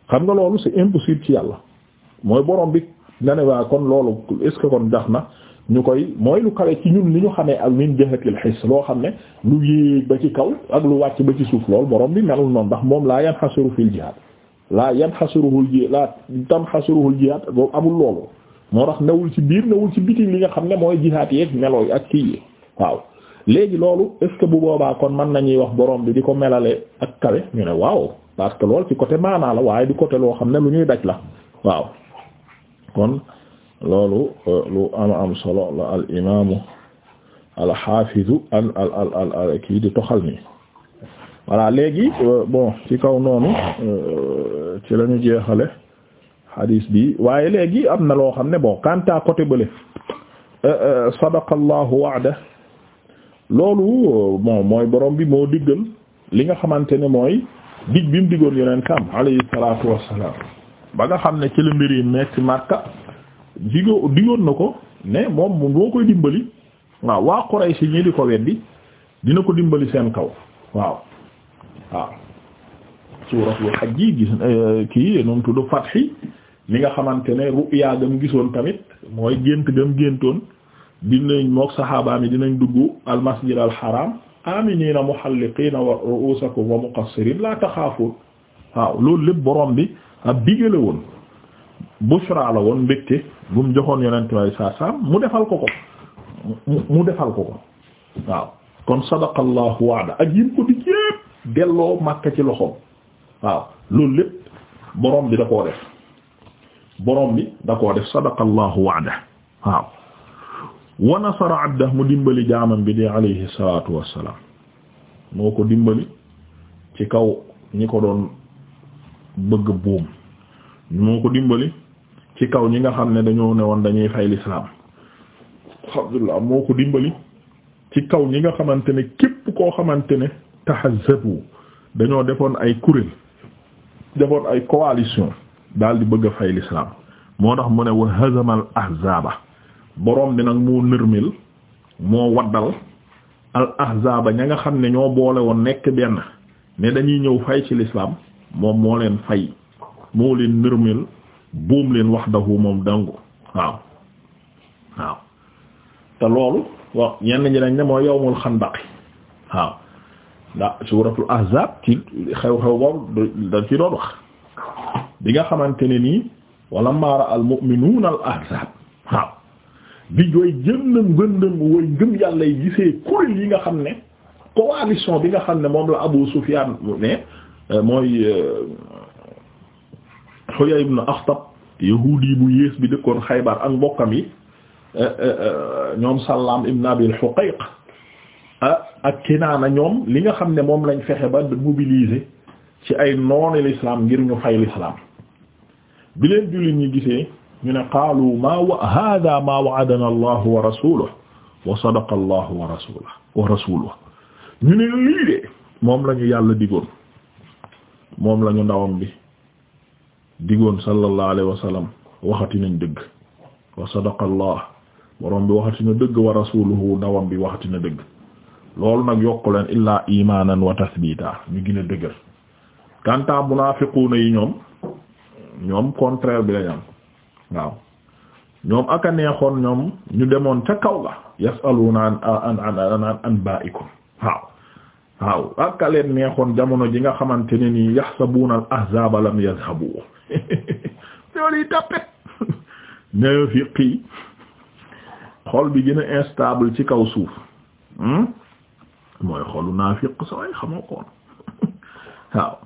Speaker 1: xam nga loolu c'est impossible ci yàlla mooy borom bi nga waa kon loolu est-ce que kon dax na ñu koy mooy lu kawe ci ñun li ñu xamee ak min jahatil xis loo xam ne lu yéeg ba ci kaw ak lu wàcc ba ci suuf lool boroom bi melul noonu ndax moom laa yan fii fil jihaad laa yan xasiruhul ji laa tam xasiruhul jihaad boobu amul loolu moo tax newul ci biir newul ci biti li nga xam ne mooy jihaad yeeg meloo yi ak kii yi waaw léegi loolu est bu boobaa kon mën nañuy wax borom bi di ko melale ak kawe ñu ne waaw parce que lool ci côté maanaa la waaye du côté loo xam ne lu ñuy daj la waaw loolu euh, lu am am solo la al imaamu al xaafidu al al al al kii di toxal nii voilà léegi euh, bon ci kaw noonu euh, ci lañu jeexale xadiis bi waaye léegi am na loo xam ne bon kanta côté bële sadaqa allahu wa'da loolu bon mooy borom bi moo diggal li nga xamante ne mooy dig bi mu diggoon yeneen tam alayhi salaatu wassalaam ba nga xam ne ci la mbir metti Makka digoo digoon na ko ne moom moo koy dimbali waaw waa Quraysh ñi di ko weddi dina ko dimbali seen kaw waaw waaw suuratul Hajj gis eh, kii noonu tudd Fathi li nga xamante ne ru'ya gam gisoon tamit mooy gént gam géntoon dinañ mook saxaabaam yi dinañ dugg al masjid al haram aminiina muhalliqiina wa ru'uusakum wa muqassiriin laa taxaafuun waaw loolu lépp boroom bi ab digale woon bushra la woon mbégte bu mu joxoon yonent way saa mu defal ko ko mu defal ko ko waaw kon sadaqallahu waada ak yim ko di yépp delloo Makka ci loxoom waaw loolu lépp borom bi da koo def borom bi da koo def sadaqallahu waada waaw wa nasara abdah mu dimbali jaamam bi di alayhi salatu wassalam moo ko dimbali ci kaw ñi ko doon bëgg buum moo ko dimbali ci kaw ñi nga xam ne dañoo ne woon dañuy fay lislaam alhamdulillah moo ko dimbali ci kaw ñi nga xamante ne képp koo xamante ne tahazzabu dañoo defoon ay kuréel defoon ay coalition daal di bëgg a fay lislaam moo tax mu ne wa hazamal ahzaaba borom bi nag moo nërmil moo waddal al ahzaaba ña nga xam ne ñoo boole woon nekk benn ne dañuy ñëw fay ci lislaam moom moo leen fay moo leen nërmeel boom leen wahdahu moom dangu waaw waaw te loolu waaw ñenn ñi dañ ne mooy yawmul xandaqi waaw ndax suuratul ahzaab ci xew-xew boobu dañ ci doon wax bi nga xamante ne nii wala maara al mu'minuuna al waaw bi jooy jëndam gëndam wooy ngëm yàlla yi gisee kuréel yi nga xam ne coalition bi nga xam ne moom la Abu Sufyaan ne mooy euh, Huyay ibn Akhtab yahudi bu yées bi dëkkoon Xaybar ak mbokkam yi eh, eh, eh, ñoom Sallaam ibn Abil Huqayq ah, ak Kinaana ñoom li nga xam ne moom lañ fexe ba mobiliser ci ay noonu l'islam ngir ñu fay l'islam bi leen jullit ñi gisee ñu ne qaalu maa wa haadaa maa wa'adana Allahu wa rasuluhu wa sadaqa Allahu wa rasuluhu ñu ne lii de moom la yàlla digoon moom la ñu ndawam bi. digoon sallallahu alayhi wa sallam waxati nañ dëgg wa sadaqa borom bi waxati na dëgg wa rasuluhu ndawam bi waxati na dëgg loolu nag yokku leen illaa imaanan wa tasbiita ñu gën a dëgër kanta munaafiquuna yi ñoom ñoom contraire bi lañ waaw ñoom ak a neexoon ñoom ñu demoon ca kaw la yasaluuna an an an an an baa'ikum waaw waaw ak neexoon jamono ji nga xamante ne nii yahsabuna al ahzaba lam yadhabu ñoolu [LAUGHS] tàppet nafiq yi [LAUGHS] xol bi gën a instable ci kaw suuf hmm? mooy xolu naafiq saway xamoo koon [LAUGHS] waaw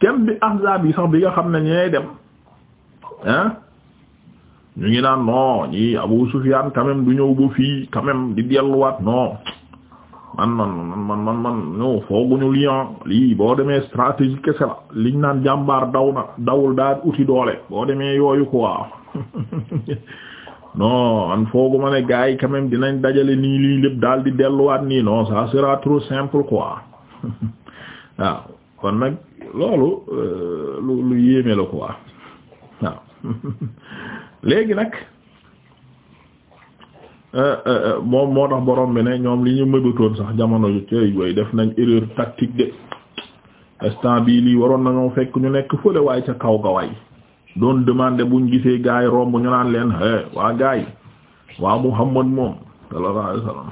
Speaker 1: kenn bi ahzab yi sax bi nga xam ne ñee dem ah ñu ngi naan non ñi Abu Sufyan quand même du ñëw ba fii quand di delluwaat non man man man man man ñoo fooguñu lion lii boo demee stratégie kese la liñ naan jàmbaar daw na dawul daal uti doole boo demee yooyu quoi [LAUGHS] non man foogu ma ne gars yi quand dinañ dajale nii lii lépp daal di delluwaat nii non ça sera trop simple quoi [LAUGHS] nag loolu euh, lu lu yéeme la quoi [LAUGHS] nag. Euh, euh, euh, moom moo tax borom bi ne ñoom li ñu mëbatoon sax jamono ju cey way def nañ erreur tactique de instant bii lii waroon nañoo fekk ñu nekk fële waaye ca kaw ga waay doon demandé buñ gisee gars yi romb ñu naan leen waa gars yi waa Muhammad moom sallallahu alayhi wasallam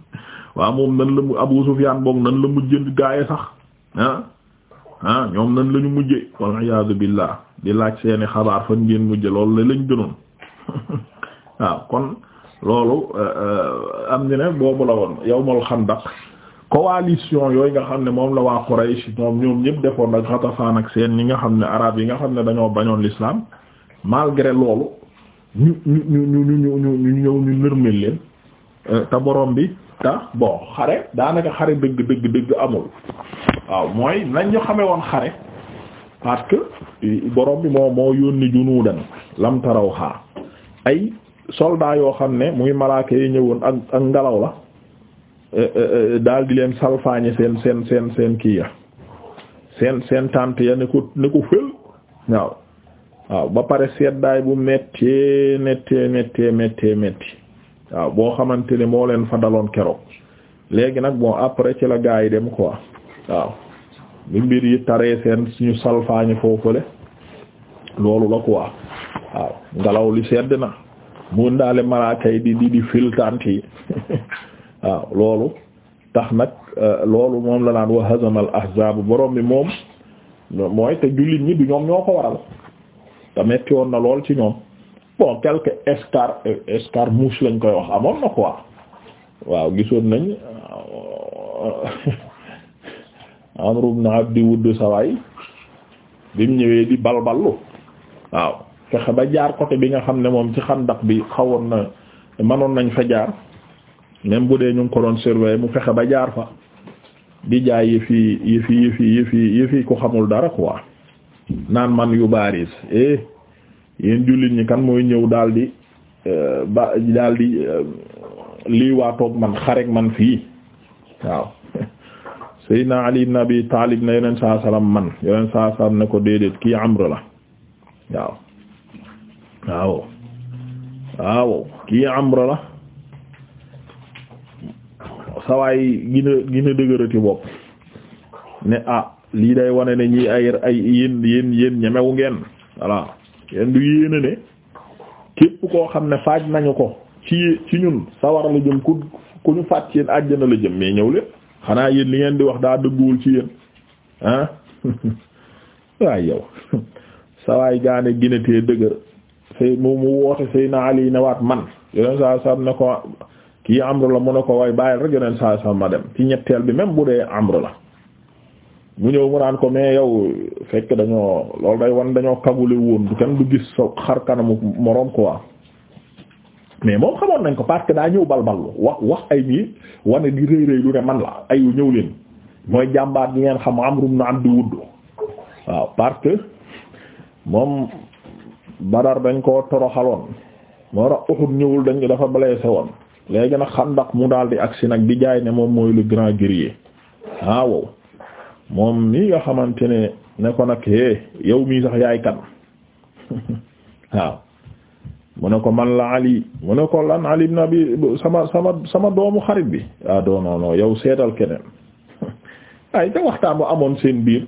Speaker 1: [LAUGHS] waa moom nan la mu Abu Sufyan boog nan la mujjënd gars yi sax ah, ah ñoom nan lañu ñu mujjee wal iyaadu billah di laaj seeni xabaar fan ngeen mujjee loolu la lañ gënoon [LAUGHS] waaw kon. loolu euh, euh, am ñu boobu la woon yawmul xandaq coalition yooyu nga xam ne moom la waa Quraysh ñoom ñoom ñëpp defoon ak Ghatafaan ak seen ñi nga xam ne arab yi nga xam ne dañoo bañoon l'islam malgré loolu ñu ñu ñu ñu ñu ñu ñu ñu nërmel leen euh, te borom bi te bon xare daanaka xare dëgg dëgg dëgg amul waaw mooy nañ ñu xamee woon xare parce que borom bi moo moo yónni junuudan lam taraw xaa ay soldaar yoo xam ne muy malaaka yi ñëwoon ak ak ngelaw la eh, eh, eh, daal di leen salfaañe seen seen seen seen kii ya seen seen tànt ya ne ko fël waaw waaw ba pare seddaay bu mettee mettee mettee metti waaw boo xamante ne moo leen fa daloon keroog léegi nag boo après ci la gaa yi dem quoi waaw bi mbir yi taree seen suñu salfaañe foofule loolu la quoi waaw ngelaw li sedd na mun daale malaaka yi di di di filtante yi [LAUGHS] waaw loolu tax nag euh, loolu moom la naan wax hazamal ahzaab borom bi moom mooy te jullit ñi du ñoom ñoo ko waral te metti woon na lool ci ñoom bon quelque escar euh, escarmouche lañ koy wax amoon na quoi waaw gisoon nañ euh, [LAUGHS] Amru ibn Abdi Wudd sawaay bi mu ñëwee di balballu waaw fexe ba jaar côté bi nga xam ne moom ci xandak bi xawoon na manoon nañ fa jaar même bu dee ñu ko doon surveiller mu fexe ba jaar fa di jaay yëfi yëfi yëfi yëfi yëfi ko xamul dara quoi naan man yu baaris eh yéen jullit ñi kan mooy ñëw daal di eh, ba daal di eh, man xarek man fii waaw [LAUGHS] Seydina Ali ibn Abi Taalib ne yeneen saa salaam man yeneen saa salaam ne ko déedéet kii Amr la waaw waaw waaw kii Amra la sawaay gina gina dëgërati bopp ne ah lii day wane na ñi ay ay yéen yéen yéen ñemewu ngeen voilà yéen du yéene ne képp koo xam ne faaj nañu ko ci ci ñun sawara la jëm ku ku ñu faat ci yéen àjjana la jëm mais ñëw leen xanaa yéen li ngeen di wax daa dëgguwul ci yéen ah [LAUGHS] waaye yow [LAUGHS] sawaay gaane gina tee dëgër sëy mu mu woote Seydina Ali ne waat man yoneen saa saam ne ko kii amru la mu ne ko way bàyyil rek yoneen saa saam ma dem ci ñetteel bi même bu dee amru la mu ñëw mu naan ko mais yow fekk dañoo loolu day wan dañoo kagule woon du kenn du gis sa xar kanamu moroom quoi mais moom xamoon nañ ko parce que daa ñëw balbal wax wax ay nii wane di rëy rëy du ne man la ayu ñëw leen mooy jàmbaat bi ngeen xam Amru ibn Abd Wudd waaw parce que moom Badar dañ koo toroxaloon moo tax Uhud ñëwul dañ dafa blessé woon léegi nag ndax mu daal di agsi nag di jaay ne moom mooy lu grand guerrier ah, waaw moom nii nga xamante ne ne ko nag é yow mii sax yaay kan [LAUGHS] waaw mu ne ko man la Ali mu ne ko lan Ali ibn Abi sama sama sama doomu xarit bi ah non yow seetal keneen [LAUGHS] ay ca waxtaan bu amoon seen biir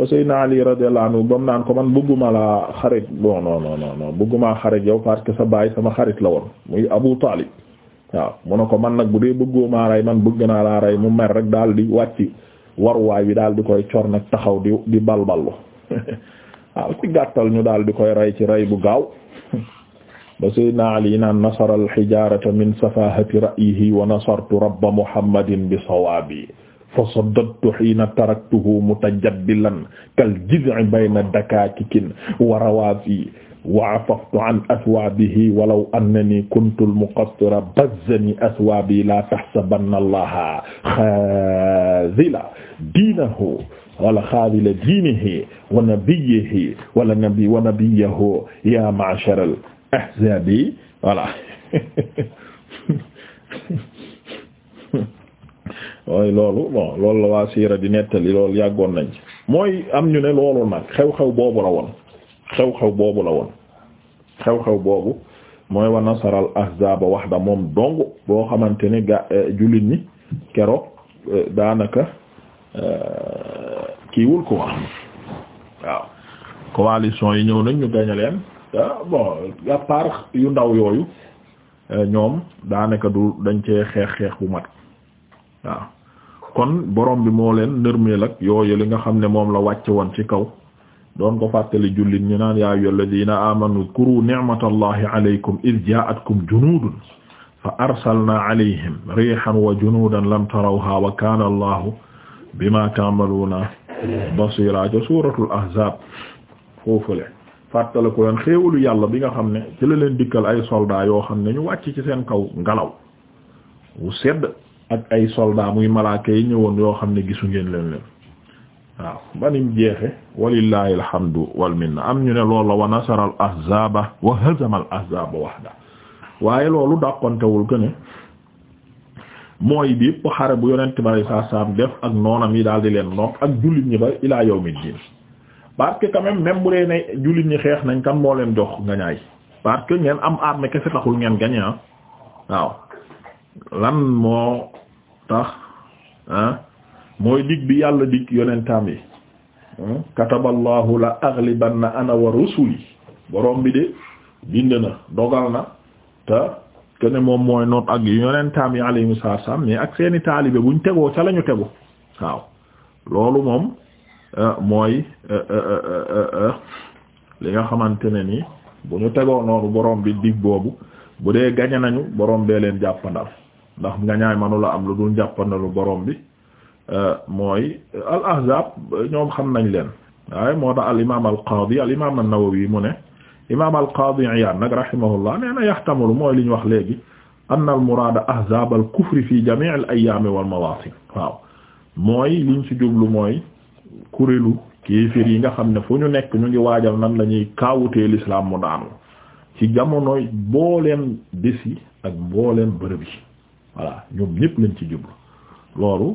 Speaker 1: ba Seydina Ali radiyallahu anhu ba naan ko man bëgguma laa xarit bon bëggumaa xarit yow parce que baay sama xarit la woon muy Abu Talib waaw mu ne ko man nag bu dee bëggoo man bëgg naa ray rey mu mer rek daal di wàcc waruwaay bi daal di koy cor nag taxaw di di balballu [LAUGHS] waaw ci ñu dal di koy ray ci rey bu gaaw [LAUGHS] ba Seydina Ali naan nasara al hijarata min safahati ra'yihi wa nasartu rabba Muhammadin bi sawaabi fa saddadtu hiina taraktuhu mutajaddilan kal jiz'i bayna dakaakikin wa rawaafi wa afaftu an aswaabihi walaw annani kuntu al-muqattira bazzani aswaabi laa tahsabanna Allaha xaazila diinahu wala xaazila diinihi wa nabiyyihi wala nabi wa nabiyyahu yaa ma'shara al-ahzaabi voilà [LAUGHS] mooy loolu bon loolu la waa siira di nettali loolu yàggoon nañ ci mooy am ñu ne loolu nag xew-xew boobu la woon xew-xew boobu la woon xew-xew boobu mooy wa nasaral wax da moom dong boo xamante ni julit eh, jullit ñi keroog eh, daanaka eh, kiiwul ko wax coalition yi ñëw nañ ñu gañe leen ah, bon à yu ndaw yooyu ñoom daanaka du dañ cee xeex xeex bu mag waaw kon borom bi moo leen nërmeel ak yooyu li nga xam ne moom la wàcc woon ci kaw doon ko fàttali jullit ñu naan yaa ayyuha alladina amanu dhkuru ni'matallahi alaykum id ja'atkum junudun fa arsalna alayhim rihan wa junudan lam tarawha wa kana allahu bima ta'maluna basira ca suratul ahzab foofule fàttali ko leen xéewalu yàlla bi nga xam ne ci la leen dikkal ay soldaa yoo xam ne ñu wàcc ci seen kaw ngelaw ak ay soldat muy malaaka yi ñëwoon yoo xam ne gisu ngeen leen leen waaw banim jeexe walillahi alhamdu wal minna am ñu ne loolu la wa nasara al ahzaba wa hazama al ahzaba waaye loolu dàqontewul que ne mooy bépp xare bu yonent bari saa def ak noonam yi daal di leen noog ak jullit ñi ba ilaa yawmi diin parce que quand même bu dee ne jullit ñi xeex nañ kan moo leen jox nga ñaay parce que ngeen am arme kese taxul ngeen gañe ah. waaw lan moo tax ah mooy digg bi yàlla dig yonentam yi ah, kataballahu la aghlibanna ana wa rusuli borom bi de bind na dogal na te kene moom mooy noot ak yonentam yi alayhimu salaam mais ak seeni taalibe buñ tegoo ca lañu tegu waaw loolu moom eh, mooy eh, eh, li nga xamante ne ni bu ñu tegoo noonu borom bi dig boobu bu dee gañe nañu borom bee leen jàppandal ndax nga ñaay manula am lu dul njàppandalu borom bi euh, mooy euh, al ahzab ñoom xam nañ leen waaye moo tax al imam al qaadi al imam an-Nawawi mu ne imam al qaadi Iyaad nag rahimahullah nee na yaxtamalu mooy li ñu wax léegi anna al muraada ahzab al kufri fi jamii al wal mawaatin waaw mooy liñ ci jublu mooy kurélu kéefir yi nga xam ne fu ñu nekk ñu ngi waajal nan la ñuy kaawutee l'islam mu daanu ci jamonoy booleen bés yi ak booleen bërëb yi voilà ñoom ñëpp lañ ci jub loolu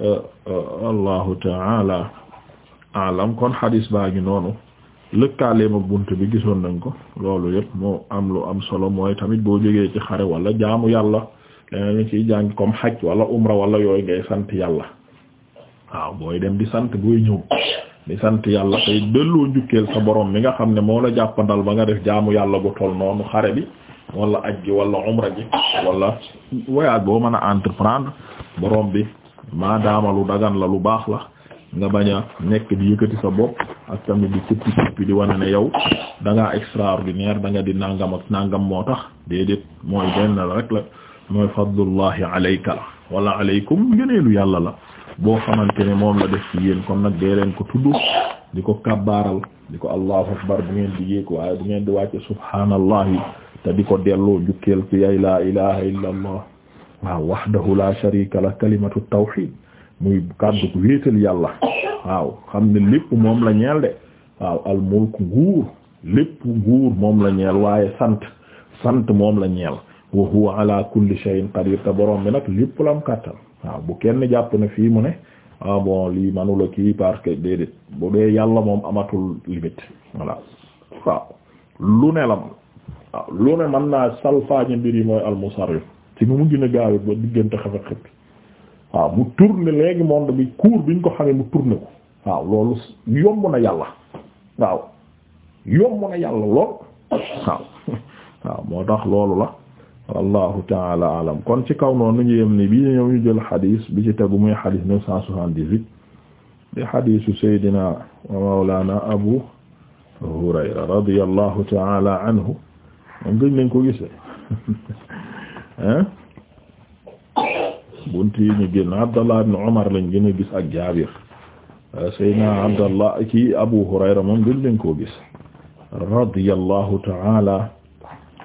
Speaker 1: euh, euh, allahu taala alam kon xadis baa ngi noonu lëkkaaleema bunt bi gisoon nañ ko loolu yëpp moo am lu am solo mooy tamit boo jógee ci xare walla jaamu yàlla leneen lu ciy jàng comme xaj wala umra wala yooyu ngay sant yàlla waaw booy dem di sant booy ñëw di sant yàlla tey delloo njukkeel sa borom mi nga xam ne moo la jàppandal ba nga def jaamu yàlla bu toll noonu xare bi wala aj gi wala umra boo mën a entreprendre borom bi maadaama lu dagan la lu baax la nga bañ a nekk di yëkkati sa bop ak tamit di cëppi cëppi di wane ne yow da ngaa extraordinaire da nga di nangam ak nangam moo tax déedéet mooy benn la rek la mooy fadlullahi alayka la wala alaykum ngëneelu yàlla la boo xamante ne moom la def ci yéen kon nag dee leen ko tudd di ko kabbaaral di ko allahu akbar bu ngeen di yéeg waaye bu ngeen di wàcce subhaanallahi te di ko delloo jukkeel ci ay laa ilaha illa allah waaw wahdahu la sharika la kalimatu tawhid muy kàddu ko wéetal yàlla waaw xam ne lépp moom la ñeel de waaw nguur lépp nguur moom la ñeel waaye sant sant moom la ñeel wa huwa ala kulli shay'in qadir te borom bi nag lépp la am bu kenn jàpp na fii mu ne ah bon lii manula kii parce que bu dee yàlla moom amatul limite voilà waaw lu waaw lu ne mën naa salfaañe mbir yi mooy almusarrif ci nu mu gën a ba diggante xef ak waaw mu tourné léegi monde bi cours biñ ko xamee mu tourné ko waaw loolu yomb na yàlla waaw yomb na yàlla lool waaw moo tax loolu la wallahu taala alam kon ci kaw noonu ñu yem ni bi ñëw ñu jël xadiis bi ci tegu muy xadiis neuf cent soixante-dix-huit di xadiisu seydina wa mawlana abu hurayra radiyallahu taala anhu gëj nañ ko gis hein bunt yi ñu génn Abdallah ibn Umar lañ gën a gis ak Jaabir Seydina Abdallah ki Abu Hurayra moom gëj nañ koo gis radiyallahu ta'ala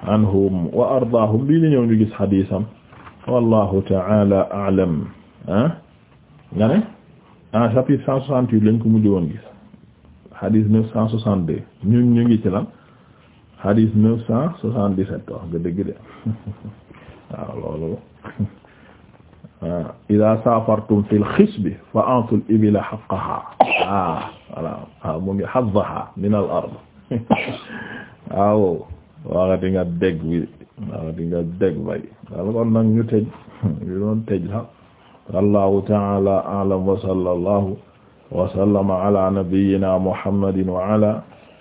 Speaker 1: anhum wa ni ñëw ñu gis xadiisam wallahu a a'lam hein nga ne en chapitre 168 lañ ko mujj woon gis xadiis 962 ñun hadis neuf cent soixante-dix-sept wax nga dëgg de [LAUGHS] waaw loolu [LAUGHS] idaa safartum fil xisbi fa antul ibila haqqaha ah voilà waaw ah, mu ngi haddaha min al ard [LAUGHS] waaw waxati nga dégg bi waxati nga dégg bay wala kon nag ñu tëj ñu doon tëj la wallahu ta'ala a'lam wa sallallahu wa sallama ala nabiyyina muhammadin wa ala